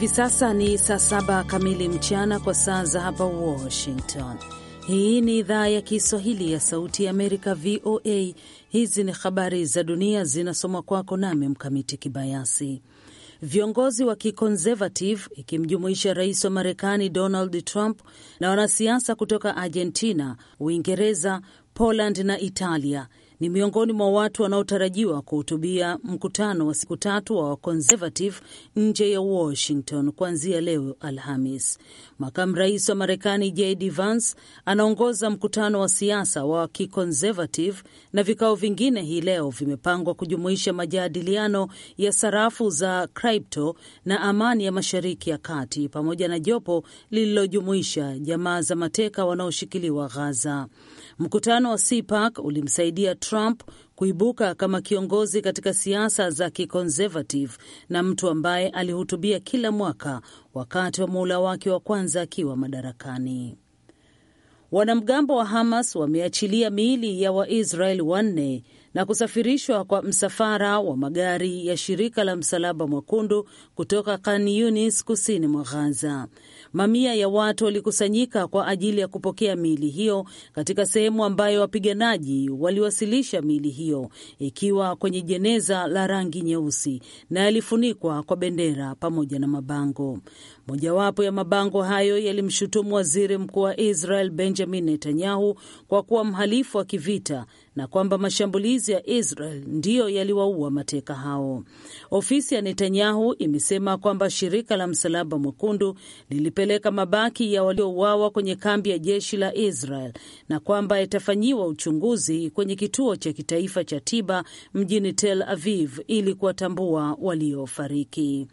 Hivi sasa ni saa saba kamili mchana kwa saa za hapa Washington. Hii ni idhaa ya Kiswahili ya Sauti ya Amerika, VOA. Hizi ni habari za dunia zinasomwa kwako nami Mkamiti Kibayasi. Viongozi wa kiconservative ikimjumuisha rais wa Marekani Donald Trump na wanasiasa kutoka Argentina, Uingereza, Poland na Italia ni miongoni mwa watu wanaotarajiwa kuhutubia mkutano wa siku tatu wa Conservative nje ya Washington kuanzia leo Alhamis. Makamu rais wa Marekani JD Vance anaongoza mkutano wa siasa wa kiconservative na vikao vingine hii leo vimepangwa kujumuisha majadiliano ya sarafu za crypto na amani ya Mashariki ya Kati pamoja na jopo lililojumuisha jamaa za mateka wanaoshikiliwa Gaza. Mkutano wa CPAC ulimsaidia Trump kuibuka kama kiongozi katika siasa za kiconservative na mtu ambaye alihutubia kila mwaka wakati wa muhula wake wa kwanza akiwa madarakani. Wanamgambo wa Hamas wameachilia miili ya Waisraeli wanne na kusafirishwa kwa msafara wa magari ya shirika la Msalaba Mwekundu kutoka Khan Yunis, kusini mwa Ghaza. Mamia ya watu walikusanyika kwa ajili ya kupokea miili hiyo katika sehemu ambayo wapiganaji waliwasilisha miili hiyo ikiwa kwenye jeneza la rangi nyeusi na yalifunikwa kwa bendera pamoja na mabango. Mojawapo ya mabango hayo yalimshutumu waziri mkuu wa Israel Benjamin Netanyahu kwa kuwa mhalifu wa kivita na kwamba mashambulizi ya Israel ndiyo yaliwaua mateka hao. Ofisi ya Netanyahu imesema kwamba shirika la Msalaba Mwekundu lilipeleka mabaki ya waliouawa kwenye kambi ya jeshi la Israel na kwamba yatafanyiwa uchunguzi kwenye kituo cha kitaifa cha tiba mjini Tel Aviv ili kuwatambua waliofariki.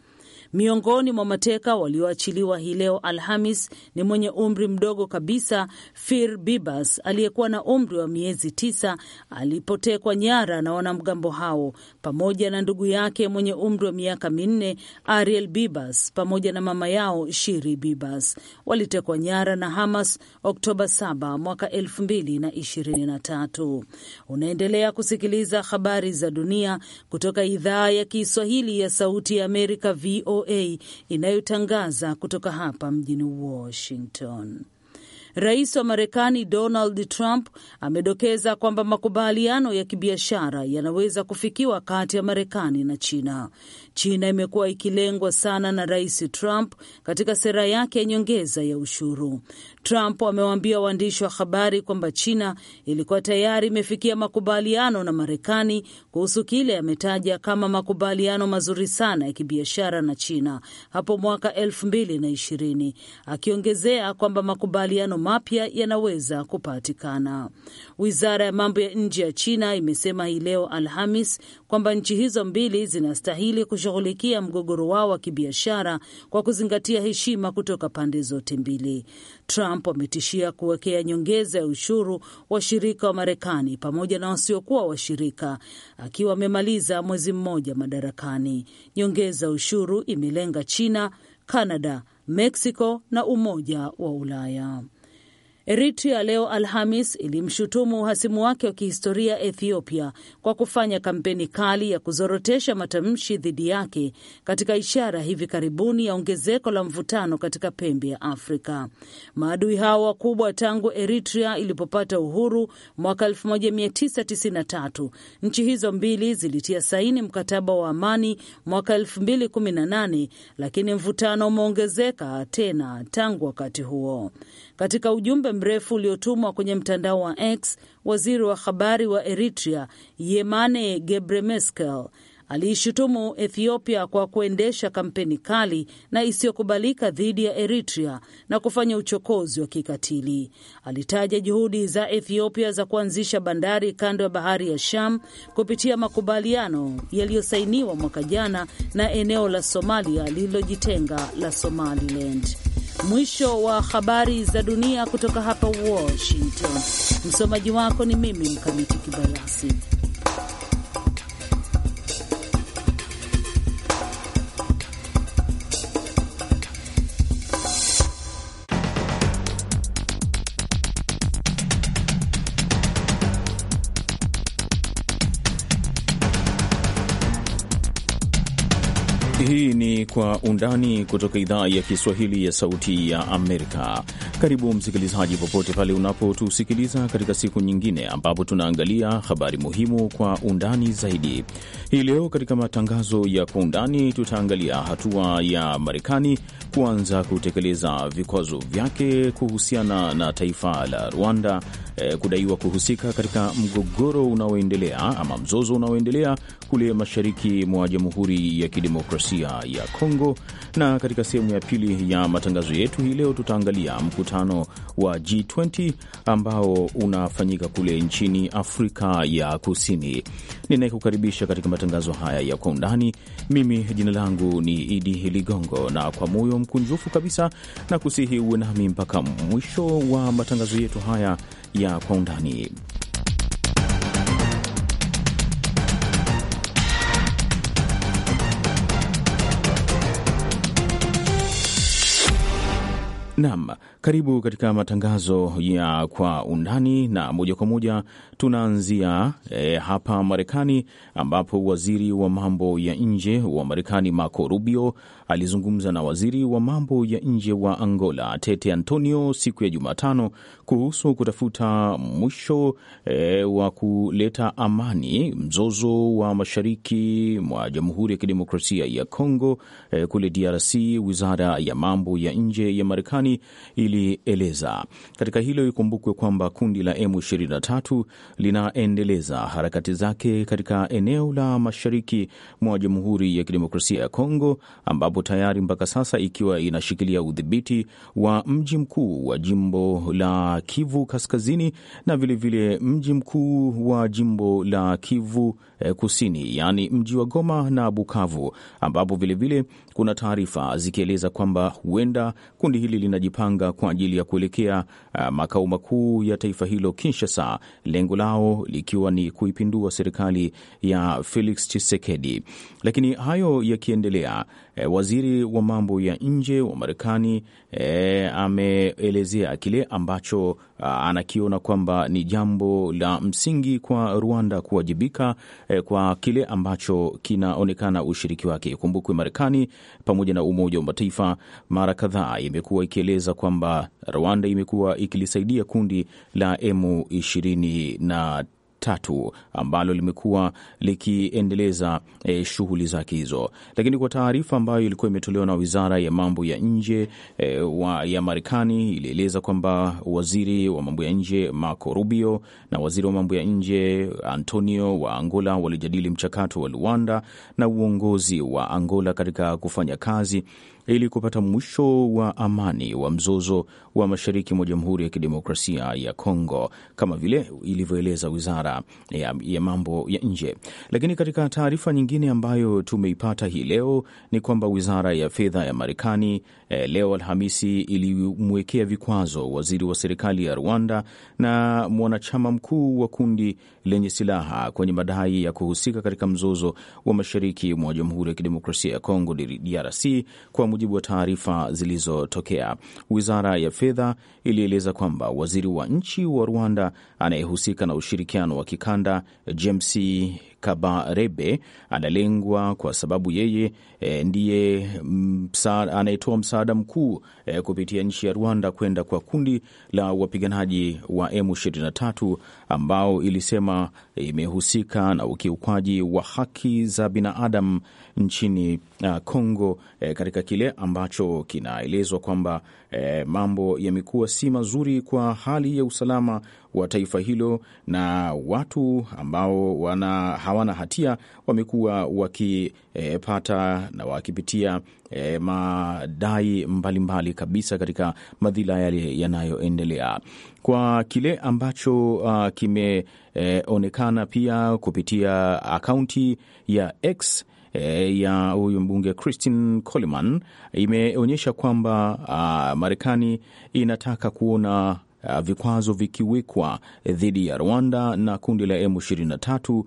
Miongoni mwa mateka walioachiliwa hii leo Alhamis ni mwenye umri mdogo kabisa Fir Bibas aliyekuwa na umri wa miezi tisa alipotekwa nyara na wanamgambo hao pamoja na ndugu yake mwenye umri wa miaka minne Ariel Bibas pamoja na mama yao Shiri Bibas walitekwa nyara na Hamas Oktoba 7 mwaka 2023. Unaendelea kusikiliza habari za dunia kutoka idhaa ya Kiswahili ya Sauti ya Amerika, VOA, inayotangaza kutoka hapa mjini Washington. Rais wa Marekani Donald Trump amedokeza kwamba makubaliano ya kibiashara yanaweza kufikiwa kati ya Marekani na China. China imekuwa ikilengwa sana na Rais Trump katika sera yake ya nyongeza ya ushuru. Trump amewaambia waandishi wa habari kwamba China ilikuwa tayari imefikia makubaliano na Marekani kuhusu kile ametaja kama makubaliano mazuri sana ya kibiashara na China hapo mwaka elfu mbili na ishirini, akiongezea kwamba makubaliano mapya yanaweza kupatikana. Wizara ya mambo ya nje ya China imesema hii leo Alhamis kwamba nchi hizo mbili zinastahili kushughulikia mgogoro wao wa kibiashara kwa kuzingatia heshima kutoka pande zote mbili. Trump ametishia kuwekea nyongeza ya ushuru washirika wa Marekani pamoja na wasiokuwa washirika akiwa amemaliza mwezi mmoja madarakani. Nyongeza ya ushuru imelenga China, canada Mexico na Umoja wa Ulaya. Eritrea leo Alhamis ilimshutumu uhasimu wake wa kihistoria Ethiopia kwa kufanya kampeni kali ya kuzorotesha matamshi dhidi yake katika ishara hivi karibuni ya ongezeko la mvutano katika pembe ya Afrika. Maadui hao wakubwa tangu Eritrea ilipopata uhuru mwaka 1993, nchi hizo mbili zilitia saini mkataba wa amani mwaka 2018, lakini mvutano umeongezeka tena tangu wakati huo. Katika ujumbe mrefu uliotumwa kwenye mtandao wa X, waziri wa habari wa Eritrea Yemane Gebremeskel aliishutumu Ethiopia kwa kuendesha kampeni kali na isiyokubalika dhidi ya Eritrea na kufanya uchokozi wa kikatili. Alitaja juhudi za Ethiopia za kuanzisha bandari kando ya bahari ya Sham kupitia makubaliano yaliyosainiwa mwaka jana na eneo la Somalia lililojitenga la Somaliland. Mwisho wa habari za dunia kutoka hapa Washington. Msomaji wako ni mimi Mkamiti Kibayasi. ni Kwa Undani kutoka idhaa ya Kiswahili ya Sauti ya Amerika. Karibu msikilizaji, popote pale unapotusikiliza katika siku nyingine ambapo tunaangalia habari muhimu kwa undani zaidi. Hii leo katika matangazo ya Kwa Undani tutaangalia hatua ya Marekani kuanza kutekeleza vikwazo vyake kuhusiana na taifa la Rwanda eh, kudaiwa kuhusika katika mgogoro unaoendelea ama mzozo unaoendelea kule mashariki mwa Jamhuri ya Kidemokrasia ya Kongo, na katika sehemu ya pili ya matangazo yetu hii leo tutaangalia mkutano wa G20 ambao unafanyika kule nchini Afrika ya Kusini. Ninayekukaribisha katika matangazo haya ya kwa undani, mimi jina langu ni Idi Ligongo, na kwa moyo mkunjufu kabisa na kusihi uwe nami mpaka mwisho wa matangazo yetu haya ya kwa undani. Naam, karibu katika matangazo ya kwa undani na moja kwa moja. Tunaanzia e, hapa Marekani ambapo waziri wa mambo ya nje wa Marekani Marco Rubio alizungumza na waziri wa mambo ya nje wa Angola Tete Antonio siku ya Jumatano kuhusu kutafuta mwisho e, wa kuleta amani mzozo wa mashariki mwa Jamhuri ya Kidemokrasia ya Kongo e, kule DRC. Wizara ya mambo ya nje ya Marekani ili ulieleza. Katika hilo, ikumbukwe kwamba kundi la M23 linaendeleza harakati zake katika eneo la mashariki mwa Jamhuri ya Kidemokrasia ya Kongo, ambapo tayari mpaka sasa ikiwa inashikilia udhibiti wa mji mkuu wa jimbo la Kivu Kaskazini na vilevile vile mji mkuu wa jimbo la Kivu Eh, kusini, yaani mji wa Goma na Bukavu, ambapo vilevile kuna taarifa zikieleza kwamba huenda kundi hili linajipanga kwa ajili ya kuelekea eh, makao makuu ya taifa hilo Kinshasa, lengo lao likiwa ni kuipindua serikali ya Felix Tshisekedi. Lakini hayo yakiendelea e, waziri wa mambo ya nje wa Marekani e, ameelezea kile ambacho a, anakiona kwamba ni jambo la msingi kwa Rwanda kuwajibika e, kwa kile ambacho kinaonekana ushiriki wake. kumbukwe Marekani pamoja na Umoja wa Mataifa mara kadhaa imekuwa ikieleza kwamba Rwanda imekuwa ikilisaidia kundi la M ishirini na tatu ambalo limekuwa likiendeleza e, shughuli zake hizo. Lakini kwa taarifa ambayo ilikuwa imetolewa na wizara ya mambo ya nje e, wa, ya Marekani ilieleza kwamba waziri wa mambo ya nje Marco Rubio na waziri wa mambo ya nje Antonio wa Angola walijadili mchakato wa Luanda na uongozi wa Angola katika kufanya kazi ili kupata mwisho wa amani wa mzozo wa mashariki mwa Jamhuri ya Kidemokrasia ya Kongo kama vile ilivyoeleza wizara ya, ya mambo ya nje. Lakini katika taarifa nyingine ambayo tumeipata hii leo ni kwamba wizara ya fedha ya Marekani eh, leo Alhamisi ilimwekea vikwazo waziri wa serikali ya Rwanda na mwanachama mkuu wa kundi lenye silaha kwenye madai ya kuhusika katika mzozo wa mashariki mwa Jamhuri ya Kidemokrasia ya Kongo DRC, kwa mujibu wa taarifa zilizotokea. Wizara ya Fedha ilieleza kwamba waziri wa nchi wa Rwanda anayehusika na ushirikiano wa kikanda James Kabarebe analengwa kwa sababu yeye e, ndiye msa, anayetoa msaada mkuu e, kupitia nchi ya Rwanda kwenda kwa kundi la wapiganaji wa M23 ambao ilisema imehusika e, na ukiukwaji wa haki za binadamu nchini e, Kongo e, katika kile ambacho kinaelezwa kwamba e, mambo yamekuwa si mazuri kwa hali ya usalama wa taifa hilo, na watu ambao wana hawana hatia wamekuwa wakipata e, na wakipitia e, madai mbalimbali mbali kabisa katika madhila yale yanayoendelea kwa kile ambacho uh, kimeonekana e, pia kupitia akaunti ya X e, ya huyu mbunge Christine Coleman imeonyesha kwamba uh, Marekani inataka kuona Uh, vikwazo vikiwekwa dhidi ya Rwanda na kundi la M23. Uh,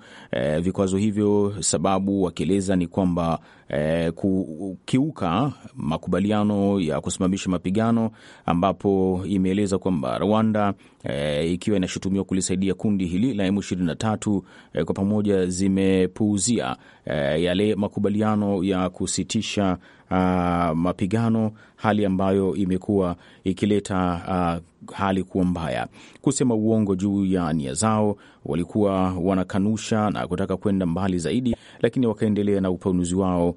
vikwazo hivyo sababu wakieleza ni kwamba eh, kukiuka makubaliano ya kusimamisha mapigano, ambapo imeeleza kwamba Rwanda eh, ikiwa inashutumiwa kulisaidia kundi hili la M23 eh, kwa pamoja zimepuuzia eh, yale makubaliano ya kusitisha Uh, mapigano, hali ambayo imekuwa ikileta uh, hali kuwa mbaya. Kusema uongo juu ya nia zao, walikuwa wanakanusha na kutaka kwenda mbali zaidi, lakini wakaendelea na upanuzi wao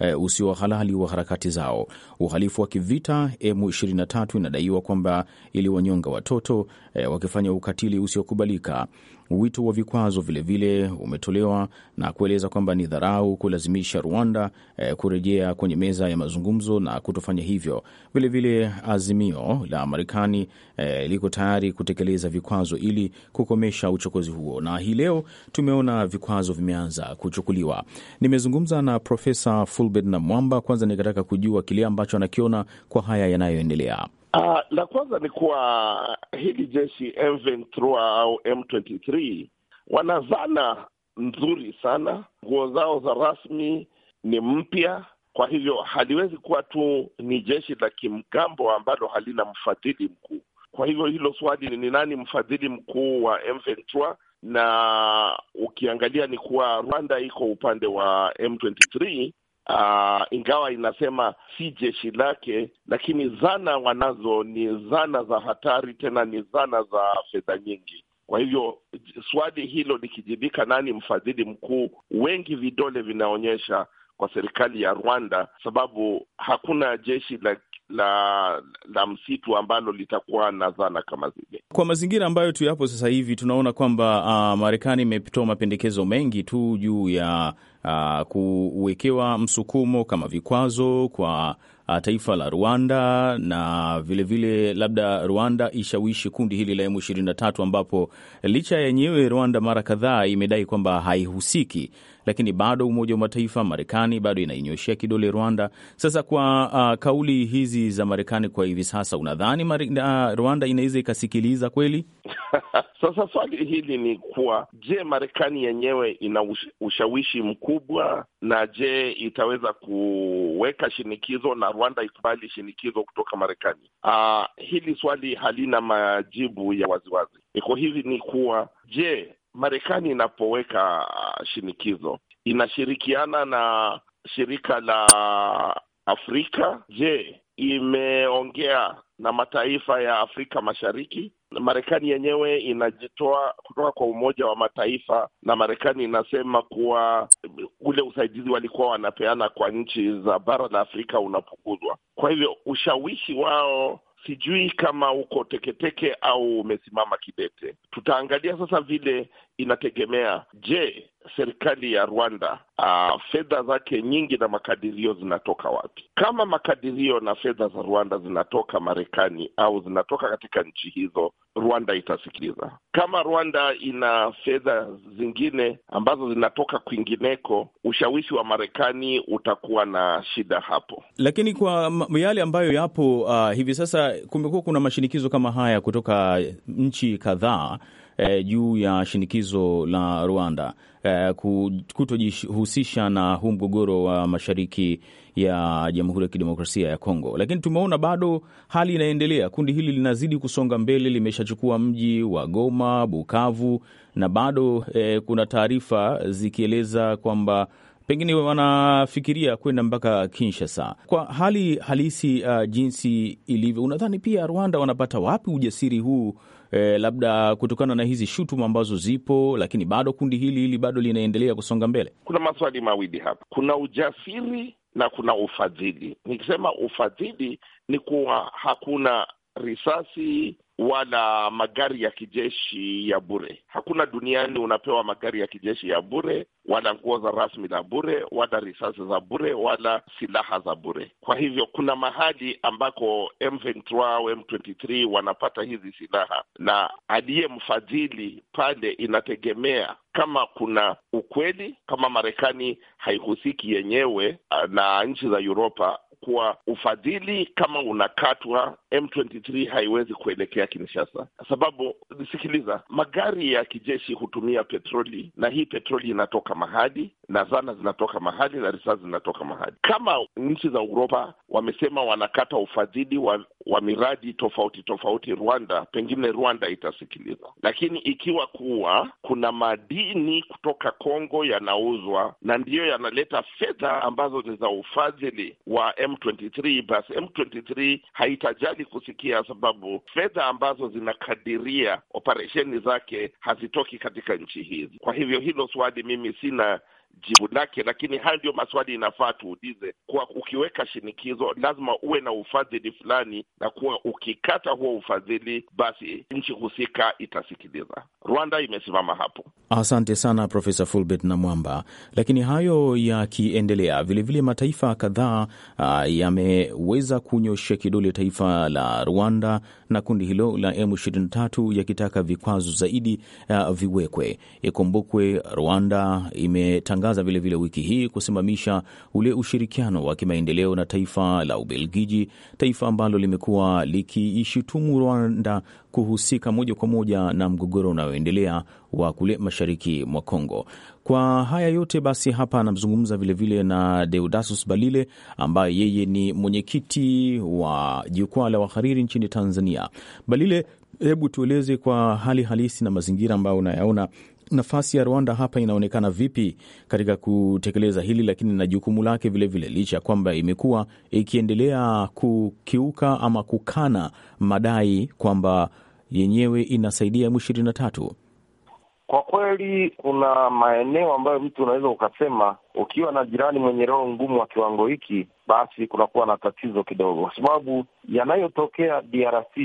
e, usio halali wa harakati zao. Uhalifu wa kivita M23 inadaiwa kwamba iliwanyonga watoto e, wakifanya ukatili usiokubalika. Wito wa vikwazo vilevile umetolewa na kueleza kwamba ni dharau kulazimisha Rwanda e, kurejea kwenye meza ya mazungumzo na kutofanya hivyo. Vilevile vile azimio la Marekani e, liko tayari kutekeleza vikwazo ili kukomesha uchokozi huo, na hii leo tumeona vikwazo vimeanza kuchukuliwa. Nimezungumza na Profesa Ful Fulbert na Mwamba, kwanza nikataka kujua kile ambacho anakiona kwa haya yanayoendelea. Uh, la kwanza ni kuwa hili jeshi M23 au M23 wanazana nzuri sana, nguo zao za rasmi ni mpya. Kwa hivyo haliwezi kuwa tu ni jeshi la kimgambo ambalo halina mfadhili mkuu. Kwa hivyo hilo swali ni nani mfadhili mkuu wa M23, na ukiangalia ni kuwa Rwanda iko upande wa M23 Uh, ingawa inasema si jeshi lake, lakini zana wanazo ni zana za hatari, tena ni zana za fedha nyingi. Kwa hivyo swali hilo likijibika, nani mfadhili mkuu, wengi vidole vinaonyesha kwa serikali ya Rwanda, sababu hakuna jeshi la la la msitu ambalo litakuwa na zana kama zile. Kwa mazingira ambayo tu yapo sasa hivi, tunaona kwamba uh, Marekani imetoa mapendekezo mengi tu juu ya uh, kuwekewa msukumo kama vikwazo kwa ah, taifa la Rwanda na vilevile vile labda Rwanda ishawishi kundi hili la M23, ambapo licha yenyewe Rwanda mara kadhaa imedai kwamba haihusiki lakini bado Umoja wa Mataifa, Marekani bado inainyoshea kidole Rwanda. Sasa kwa uh, kauli hizi za Marekani kwa hivi sasa, unadhani uh, Rwanda inaweza ikasikiliza kweli? Sasa swali hili ni kuwa, je, Marekani yenyewe ina ushawishi mkubwa, na je itaweza kuweka shinikizo na Rwanda ikubali shinikizo kutoka Marekani? Uh, hili swali halina majibu ya waziwazi. Iko hivi ni kuwa, je Marekani inapoweka uh, shinikizo inashirikiana na shirika la Afrika. Je, imeongea na mataifa ya Afrika Mashariki? Marekani yenyewe inajitoa kutoka kwa Umoja wa Mataifa, na Marekani inasema kuwa ule usaidizi walikuwa wanapeana kwa nchi za bara la Afrika unapunguzwa. Kwa hivyo ushawishi wao sijui kama uko teketeke au umesimama kidete. Tutaangalia sasa vile inategemea, je, serikali ya Rwanda uh, fedha zake nyingi na makadirio zinatoka wapi? Kama makadirio na fedha za Rwanda zinatoka Marekani au zinatoka katika nchi hizo, Rwanda itasikiliza. Kama Rwanda ina fedha zingine ambazo zinatoka kwingineko, ushawishi wa Marekani utakuwa na shida hapo. Lakini kwa yale ambayo yapo uh, hivi sasa, kumekuwa kuna mashinikizo kama haya kutoka nchi kadhaa eh, juu ya shinikizo la Rwanda eh, kutojihusisha na huu mgogoro wa mashariki ya Jamhuri ya Kidemokrasia ya Kongo, lakini tumeona bado hali inaendelea. Kundi hili linazidi kusonga mbele, limeshachukua mji wa Goma, Bukavu na bado eh, kuna taarifa zikieleza kwamba pengine wanafikiria kwenda mpaka Kinshasa. Kwa hali halisi uh, jinsi ilivyo, unadhani pia Rwanda wanapata wapi ujasiri huu? Eh, labda kutokana na hizi shutuma ambazo zipo, lakini bado kundi hili hili bado linaendelea kusonga mbele. Kuna maswali mawili hapa, kuna ujasiri na kuna ufadhili. Nikisema ufadhili ni kuwa hakuna risasi wala magari ya kijeshi ya bure. Hakuna duniani unapewa magari ya kijeshi ya bure, wala nguo za rasmi za bure, wala risasi za bure, wala silaha za bure. Kwa hivyo kuna mahali ambako M23 au M23 wanapata hizi silaha, na aliyemfadhili pale inategemea kama kuna ukweli, kama Marekani haihusiki yenyewe ah, na nchi za Uropa kwa ufadhili kama unakatwa, M23 haiwezi kuelekea Kinshasa, sababu nisikiliza, magari ya kijeshi hutumia petroli, na hii petroli inatoka mahali na zana zinatoka mahali na risasi zinatoka mahali. Kama nchi za Uropa wamesema wanakata ufadhili wa wa miradi tofauti tofauti Rwanda, pengine Rwanda itasikiliza. Lakini ikiwa kuwa kuna madini kutoka Kongo yanauzwa na ndiyo yanaleta fedha ambazo ni za ufadhili wa M23, basi M23 haitajali kusikia, sababu fedha ambazo zinakadiria operesheni zake hazitoki katika nchi hizi. Kwa hivyo hilo swali mimi sina jibu lake, lakini hayo ndiyo maswali inafaa tuulize. Kwa ukiweka shinikizo, lazima uwe na ufadhili fulani, na kuwa ukikata huo ufadhili, basi nchi husika itasikiliza. Rwanda imesimama hapo. Asante sana Profesa Fulbert na Mwamba. Lakini hayo yakiendelea, vilevile mataifa kadhaa ah, yameweza kunyosha kidole taifa la Rwanda na kundi hilo la M23 yakitaka vikwazo zaidi uh, viwekwe. Ikumbukwe Rwanda imetangaza vilevile wiki hii kusimamisha ule ushirikiano wa kimaendeleo na taifa la Ubelgiji, taifa ambalo limekuwa likiishutumu Rwanda kuhusika moja kwa moja na mgogoro unaoendelea wa kule mashariki mwa Kongo. Kwa haya yote basi, hapa anamzungumza vilevile na Deudasus Balile ambaye yeye ni mwenyekiti wa jukwaa la wahariri nchini Tanzania. Balile, hebu tueleze kwa hali halisi na mazingira ambayo unayaona nafasi ya Rwanda hapa inaonekana vipi katika kutekeleza hili lakini na jukumu lake vilevile, licha ya kwamba imekuwa ikiendelea kukiuka ama kukana madai kwamba yenyewe inasaidia M23? Kwa kweli kuna maeneo ambayo mtu unaweza ukasema ukiwa na jirani mwenye roho ngumu wa kiwango hiki, basi kunakuwa na tatizo kidogo, kwa sababu yanayotokea DRC,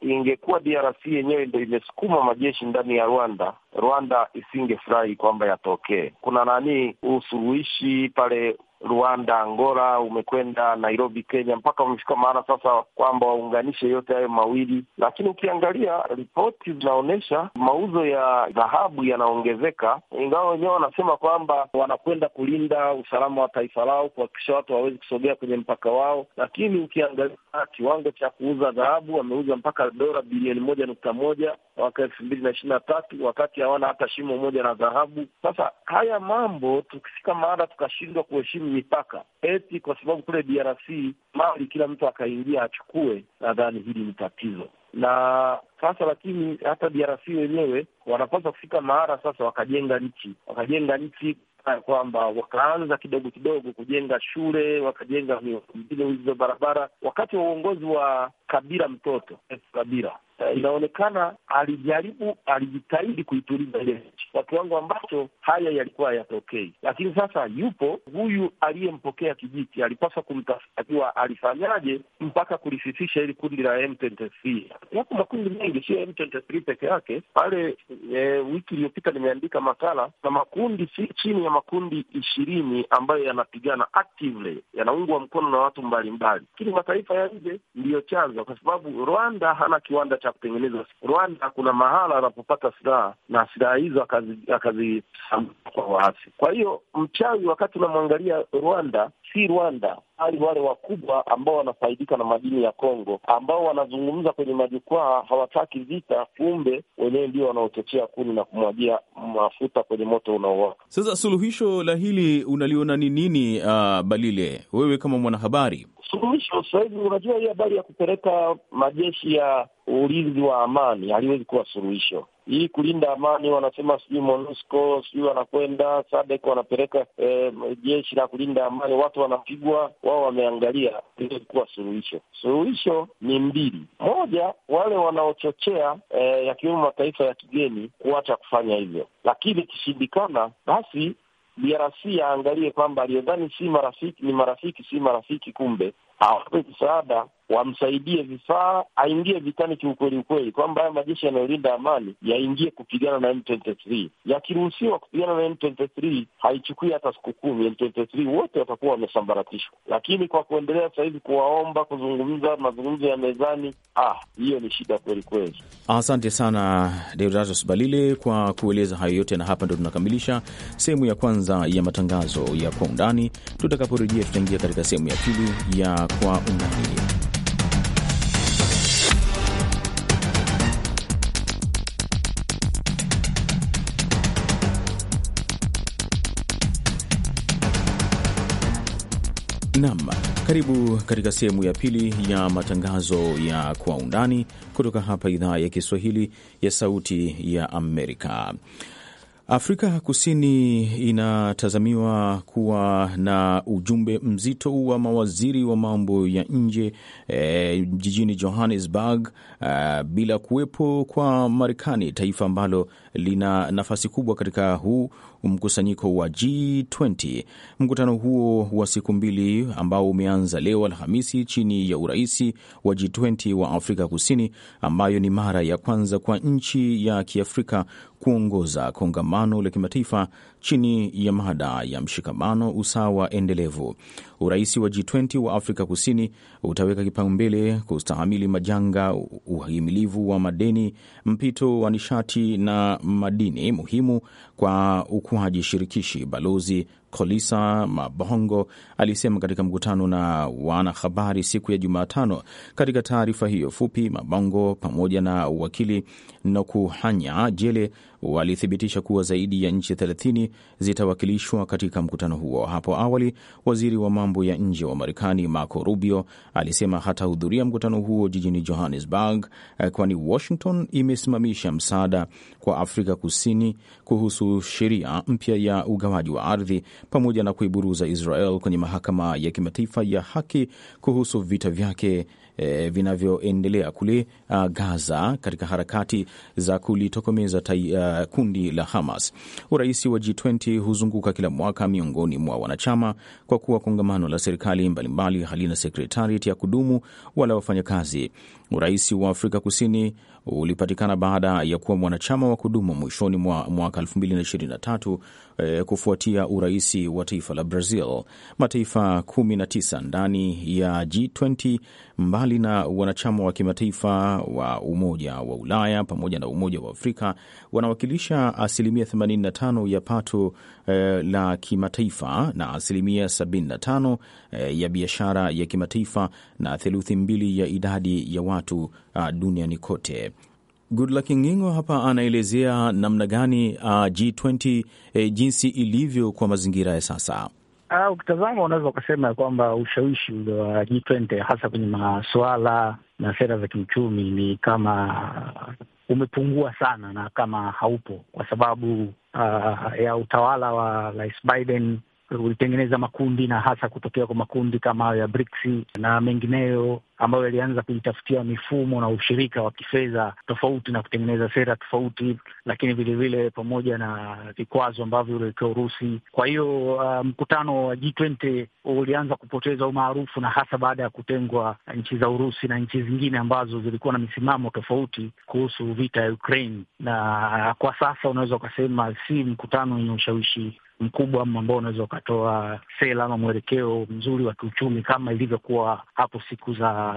ingekuwa DRC yenyewe ndo imesukuma majeshi ndani ya Rwanda, Rwanda isingefurahi kwamba yatokee. Kuna nani usuluhishi pale Rwanda, Angola, umekwenda Nairobi, Kenya, mpaka wamefika mahala sasa kwamba waunganishe yote hayo mawili. Lakini ukiangalia ripoti zinaonyesha mauzo ya dhahabu yanaongezeka, ingawa wenyewe wanasema kwamba wanakwenda kulinda usalama wa taifa lao, kuhakikisha watu hawawezi kusogea kwenye mpaka wao. Lakini ukiangalia kiwango cha kuuza dhahabu, wameuza mpaka dola bilioni moja nukta moja mwaka elfu mbili na ishirini na tatu wakati hawana hata shimo moja la dhahabu. Sasa haya mambo tukifika mahala tukashindwa kuheshimu mipaka, eti kwa sababu kule DRC mali kila mtu akaingia achukue. Nadhani hili ni tatizo na sasa lakini hata DRC wenyewe wanapaswa kufika mahara sasa, wakajenga nchi, wakajenga nchi kwamba wakaanza kidogo kidogo kujenga shule, wakajenga miundombinu hizo barabara, wakati wa uongozi wa Kabila mtoto Kabila uh, inaonekana alijaribu, alijitahidi kuituliza ile nchi kwa kiwango ambacho haya yalikuwa yatokei, lakini sasa yupo huyu aliyempokea kijiti, alipaswa kumtafuta jua alifanyaje mpaka kulififisha ili kundi la M23. Yapo makundi mengi, sio M23 peke yake. Pale e, wiki iliyopita nimeandika makala na makundi si chini ya makundi ishirini ambayo yanapigana actively, yanaungwa mkono na watu mbalimbali, lakini mataifa ya nje ndiyo chanzo, kwa sababu Rwanda hana kiwanda cha cha kutengeneza Rwanda, kuna mahala anapopata silaha na silaha hizo akazisambua kwa waasi. Kwa hiyo mchawi, wakati unamwangalia Rwanda, si Rwanda hali wale wakubwa ambao wanafaidika na madini ya Kongo, ambao wanazungumza kwenye majukwaa, hawataki vita, kumbe wenyewe ndio wanaochochea kuni na kumwagia mafuta kwenye moto unaowaka. Sasa suluhisho la hili unaliona ni nini? Uh, Balile, wewe kama mwanahabari, suluhisho sahizi, unajua hii habari ya kupeleka majeshi ya ulinzi wa amani haliwezi kuwa suluhisho. Hii kulinda amani wanasema sijui MONUSCO sijui wanakwenda SADC wanapeleka eh, jeshi la kulinda amani, watu wanapigwa, wao wameangalia, haliwezi kuwa suluhisho. Suluhisho ni mbili, moja wale wanaochochea eh, yakiwemo mataifa ya kigeni kuacha kufanya hivyo, lakini ikishindikana, basi DRC aangalie kwamba aliyodhani si marafiki ni marafiki, si marafiki, kumbe awape msaada wamsaidie vifaa, aingie vitani kiukweli ukweli, kwamba haya majeshi yanayolinda amani yaingie kupigana na M23. Yakiruhusiwa kupigana na M23, haichukui hata siku kumi, M23 wote watakuwa wamesambaratishwa. Lakini kwa kuendelea sasa hivi kuwaomba kuzungumza, mazungumzo ya mezani, ah, hiyo ni shida kweli kweli. Asante sana Deodatus Balile kwa kueleza hayo yote, na hapa ndo tunakamilisha sehemu ya kwanza ya matangazo ya kwa undani. Tutakaporejea tutaingia katika sehemu ya pili ya kwa undani. Nam, karibu katika sehemu ya pili ya matangazo ya kwa undani kutoka hapa idhaa ya Kiswahili ya Sauti ya Amerika. Afrika Kusini inatazamiwa kuwa na ujumbe mzito wa mawaziri wa mambo ya nje e, jijini Johannesburg a, eh, bila kuwepo kwa Marekani, taifa ambalo lina nafasi kubwa katika huu mkusanyiko wa G20. Mkutano huo wa siku mbili ambao umeanza leo Alhamisi chini ya uraisi wa G20 wa Afrika Kusini, ambayo ni mara ya kwanza kwa nchi ya Kiafrika kuongoza kongamano la kimataifa chini ya mada ya mshikamano, usawa endelevu. Urais wa G20 wa Afrika Kusini utaweka kipaumbele kustahamili majanga, uhimilivu wa madeni, mpito wa nishati na madini muhimu kwa ukuaji shirikishi, Balozi Kolisa Mabongo alisema katika mkutano na wanahabari siku ya Jumatano. Katika taarifa hiyo fupi, Mabongo pamoja na wakili Nokuhanya Jele walithibitisha kuwa zaidi ya nchi 30 zitawakilishwa katika mkutano huo. Hapo awali, waziri wa mambo ya nje wa Marekani Marco Rubio alisema hatahudhuria mkutano huo jijini Johannesburg, eh, kwani Washington imesimamisha msaada kwa Afrika Kusini kuhusu sheria mpya ya ugawaji wa ardhi pamoja na kuiburuza Israel kwenye mahakama ya kimataifa ya haki kuhusu vita vyake E, vinavyoendelea kule uh, Gaza katika harakati za kulitokomeza uh, kundi la Hamas. Urais wa G20 huzunguka kila mwaka miongoni mwa wanachama, kwa kuwa kongamano la serikali mbalimbali halina sekretariat ya kudumu wala wafanyakazi. Urais wa Afrika Kusini ulipatikana baada ya kuwa mwanachama wa kudumu mwishoni mwa mwaka 2023 e, eh, kufuatia uraisi wa taifa la Brazil. Mataifa 19 ndani ya G20 mbali na wanachama wa kimataifa wa Umoja wa Ulaya pamoja na Umoja wa Afrika wanawakilisha asilimia 85 ya pato e, la kimataifa na asilimia 75 Eh, ya biashara ya kimataifa na theluthi mbili ya idadi ya watu ah, duniani kote. Goodluck Ngingo hapa anaelezea namna gani ah, G20 eh, jinsi ilivyo kwa mazingira ya sasa. Ah, ukitazama unaweza ukasema ya kwamba ushawishi ule wa G20 hasa kwenye masuala na sera za kiuchumi ni kama umepungua sana na kama haupo kwa sababu uh, ya utawala wa Rais Biden ulitengeneza makundi na hasa kutokea kwa makundi kama hayo ya BRICS na mengineyo ambayo yalianza kujitafutia mifumo na ushirika wa kifedha tofauti na kutengeneza sera tofauti, lakini vilevile pamoja na vikwazo ambavyo iliwekewa Urusi. Kwa hiyo uh, mkutano wa G20 ulianza kupoteza umaarufu na hasa baada ya kutengwa nchi za Urusi na nchi zingine ambazo zilikuwa na misimamo tofauti kuhusu vita ya Ukraine, na uh, kwa sasa unaweza ukasema si mkutano wenye ushawishi mkubwa ambao unaweza ukatoa sera ama mwelekeo mzuri wa kiuchumi kama ilivyokuwa hapo siku za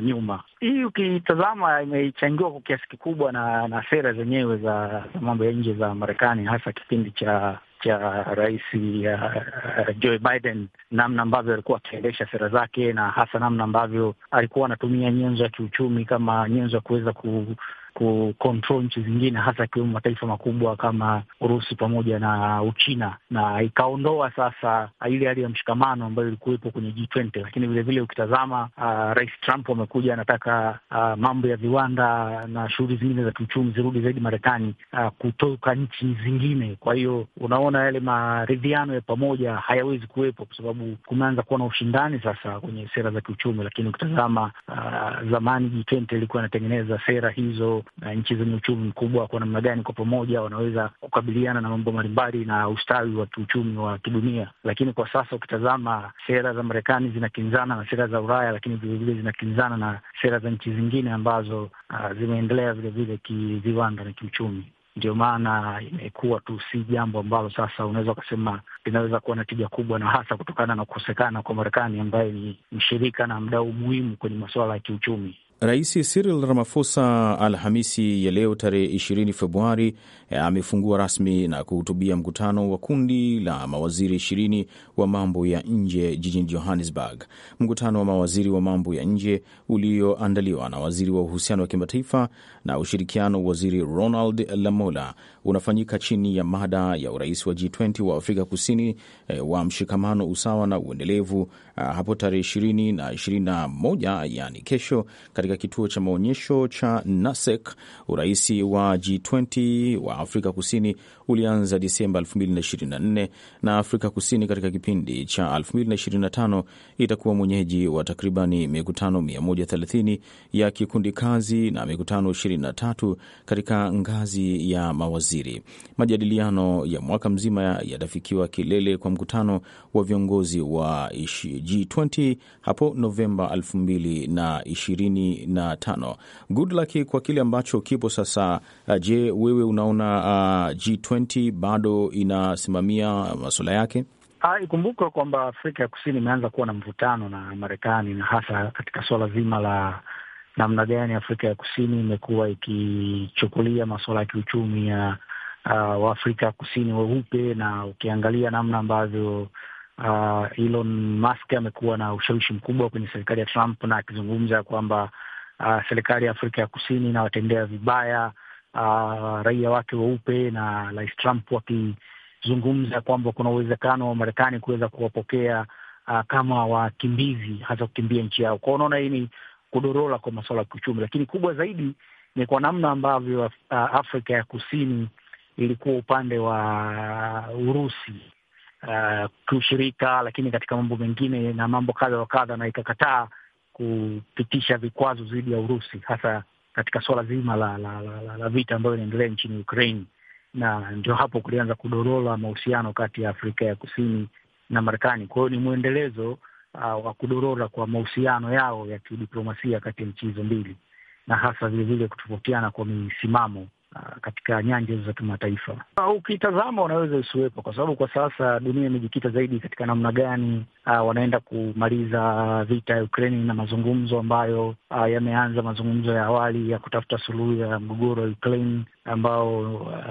nyuma. Hii ukitazama imechangiwa kwa kiasi kikubwa na, na sera zenyewe za, za mambo ya nje za Marekani hasa kipindi cha cha Rais uh, Joe Biden, namna ambavyo alikuwa akiendesha sera zake na hasa namna ambavyo alikuwa anatumia nyenzo ya kiuchumi kama nyenzo ya kuweza ku kucontrol nchi zingine hasa akiwemo mataifa makubwa kama Urusi pamoja na Uchina, na ikaondoa sasa ile hali ya mshikamano ambayo ilikuwepo kwenye G20. Lakini vilevile ukitazama, uh, Rais Trump amekuja anataka uh, mambo ya viwanda na shughuli zingine za kiuchumi zirudi zaidi Marekani, uh, kutoka nchi zingine. Kwa hiyo unaona tunaona yale maridhiano ya pamoja hayawezi kuwepo kwa sababu kumeanza kuwa na ushindani sasa kwenye sera za kiuchumi. Lakini ukitazama uh, zamani G20 ilikuwa inatengeneza sera hizo na nchi zenye uchumi mkubwa kwa namna gani kwa pamoja wanaweza kukabiliana na mambo mbalimbali na ustawi wa kiuchumi wa kidunia. Lakini kwa sasa ukitazama sera za Marekani zinakinzana na sera za Ulaya, lakini vilevile zinakinzana na sera za nchi zingine ambazo uh, zimeendelea vilevile kiviwanda na kiuchumi. Ndio maana imekuwa tu si jambo ambalo sasa unaweza ukasema linaweza kuwa na tija kubwa, na hasa kutokana na kukosekana kwa Marekani ambaye ni mshirika na mdau muhimu kwenye masuala ya kiuchumi. Rais Cyril Ramaphosa Alhamisi ya leo tarehe 20 Februari eh, amefungua rasmi na kuhutubia mkutano wa kundi la mawaziri ishirini wa mambo ya nje jijini Johannesburg. Mkutano wa mawaziri wa mambo ya nje ulioandaliwa na waziri wa uhusiano wa kimataifa na ushirikiano, Waziri Ronald Lamola, unafanyika chini ya mada ya urais wa G20 wa Afrika Kusini e, wa mshikamano, usawa na uendelevu a, ah, hapo tarehe ishirini na ishirini na moja yani kesho, katika kituo cha maonyesho cha Nasek. Urais wa G20 wa Afrika Kusini ulianza Disemba 2024 na Afrika Kusini katika kipindi cha 2025 itakuwa mwenyeji wa takribani mikutano 130 ya kikundi kazi na mikutano 23 katika ngazi ya mawaziri. Majadiliano ya mwaka mzima yatafikiwa kilele kwa mkutano wa viongozi wa G20 hapo Novemba 2025. Good luck kwa kile ambacho kipo sasa. Uh, je, wewe unaona uh, G20 bado inasimamia masuala yake? Ah, ikumbukwe kwamba Afrika ya Kusini imeanza kuwa na mvutano na Marekani na hasa katika suala zima la namna gani Afrika ya Kusini imekuwa ikichukulia masuala ya kiuchumi ya uh, Waafrika ya Kusini weupe, na ukiangalia namna ambavyo uh, Elon Musk amekuwa na ushawishi mkubwa kwenye serikali ya Trump na akizungumza kwamba uh, serikali ya Afrika ya Kusini inawatendea vibaya uh, raia wake weupe na rais Trump wakizungumza kwamba kuna uwezekano wa Marekani kuweza kuwapokea uh, kama wakimbizi, hasa kukimbia nchi yao kwao. Unaona, hii ni kudorola kwa masuala ya kiuchumi, lakini kubwa zaidi ni kwa namna ambavyo uh, Afrika ya Kusini ilikuwa upande wa Urusi uh, kiushirika, lakini katika mambo mengine na mambo kadha wa kadha, na ikakataa kupitisha vikwazo dhidi ya Urusi hasa katika suala zima la, la, la, la, la vita ambayo inaendelea nchini Ukraine, na ndio hapo kulianza kudorora mahusiano kati ya Afrika ya Kusini na Marekani. Kwa hiyo ni mwendelezo uh, wa kudorora kwa mahusiano yao ya kidiplomasia kati ya nchi hizo mbili, na hasa vilevile kutofautiana kwa misimamo Ah, katika nyanja hizo za kimataifa. Ah, ukitazama unaweza usiwepo, kwa sababu kwa sasa dunia imejikita zaidi katika namna gani ah, wanaenda kumaliza vita ya Ukraini na mazungumzo ambayo yameanza, mazungumzo ya awali ya kutafuta suluhu ya mgogoro wa Ukraini ambao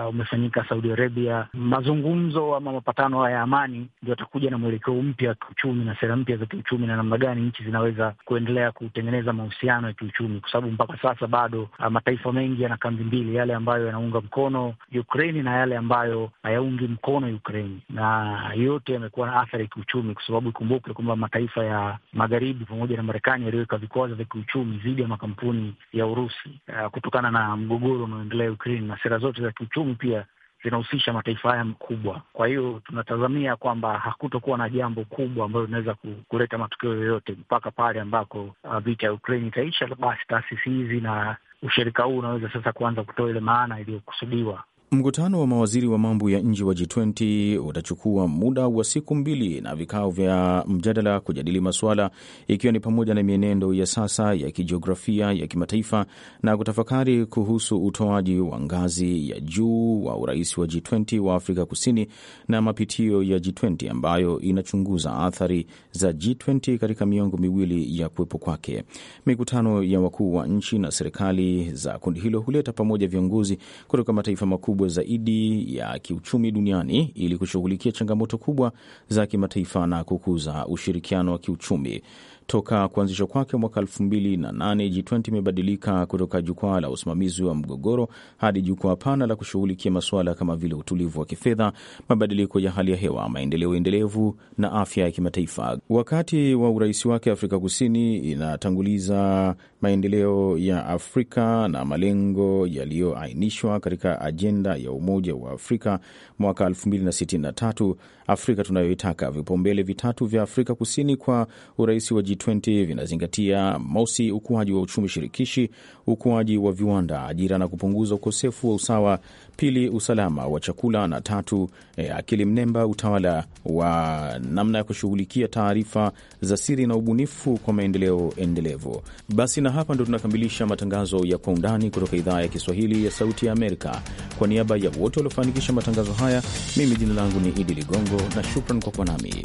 umefanyika Saudi Arabia. Mazungumzo ama mapatano ya amani ndio atakuja na mwelekeo mpya wa kiuchumi na sera mpya za kiuchumi na namna gani nchi zinaweza kuendelea kutengeneza mahusiano ya kiuchumi, kwa sababu mpaka sasa bado mataifa mengi yana kambi mbili, yale ambayo yanaunga mkono Ukraini na yale ambayo hayaungi mkono Ukraini, na yote yamekuwa na athari ya kiuchumi, kwa sababu ikumbuke kwamba mataifa ya magharibi pamoja na Marekani yaliyoweka vikwazo vya kiuchumi dhidi ya makampuni ya Urusi uh, kutokana na mgogoro unaoendelea Ukraini, na sera zote za kiuchumi pia zinahusisha mataifa haya makubwa. Kwa hiyo tunatazamia kwamba hakutokuwa na jambo kubwa ambalo linaweza kuleta matokeo yoyote mpaka pale ambako uh, vita ya Ukraine itaisha. Basi taasisi hizi na ushirika huu unaweza sasa kuanza kutoa ile maana iliyokusudiwa Mkutano wa mawaziri wa mambo ya nje wa G20 utachukua muda wa siku mbili na vikao vya mjadala kujadili masuala ikiwa ni pamoja na mienendo ya sasa ya kijiografia ya kimataifa na kutafakari kuhusu utoaji wa ngazi ya juu wa urais wa G20 wa Afrika Kusini na mapitio ya G20 ambayo inachunguza athari za G20 katika miongo miwili ya kuwepo kwake. Mikutano ya wakuu wa nchi na serikali za kundi hilo huleta pamoja viongozi kutoka mataifa makubwa kubwa zaidi ya kiuchumi duniani ili kushughulikia changamoto kubwa za kimataifa na kukuza ushirikiano wa kiuchumi. Toka kuanzishwa kwake mwaka elfu G20 imebadilika kutoka jukwaa la usimamizi wa mgogoro hadi jukwaa pana la kushughulikia masuala kama vile utulivu wa kifedha, mabadiliko ya hali ya hewa, maendeleo endelevu na afya ya kimataifa. Wakati wa urais wake, Afrika Kusini inatanguliza maendeleo ya Afrika na malengo yaliyoainishwa katika ajenda ya Umoja wa Afrika mwaka 2063 Afrika tunayoitaka. Vipaumbele vitatu vya Afrika Kusini kwa urais wa G20 vinazingatia: mosi, ukuaji wa uchumi shirikishi, ukuaji wa viwanda, ajira na kupunguza ukosefu wa usawa; pili, usalama wa chakula; na tatu, e, akili mnemba, utawala wa namna ya kushughulikia taarifa za siri na ubunifu kwa maendeleo endelevu. Basi na hapa ndo tunakamilisha matangazo ya Kwa Undani kutoka idhaa ya Kiswahili ya Sauti ya Amerika. Kwa niaba ya wote waliofanikisha matangazo haya haya. Mimi jina langu ni Idi Ligongo na shukran kwa kuwa nami.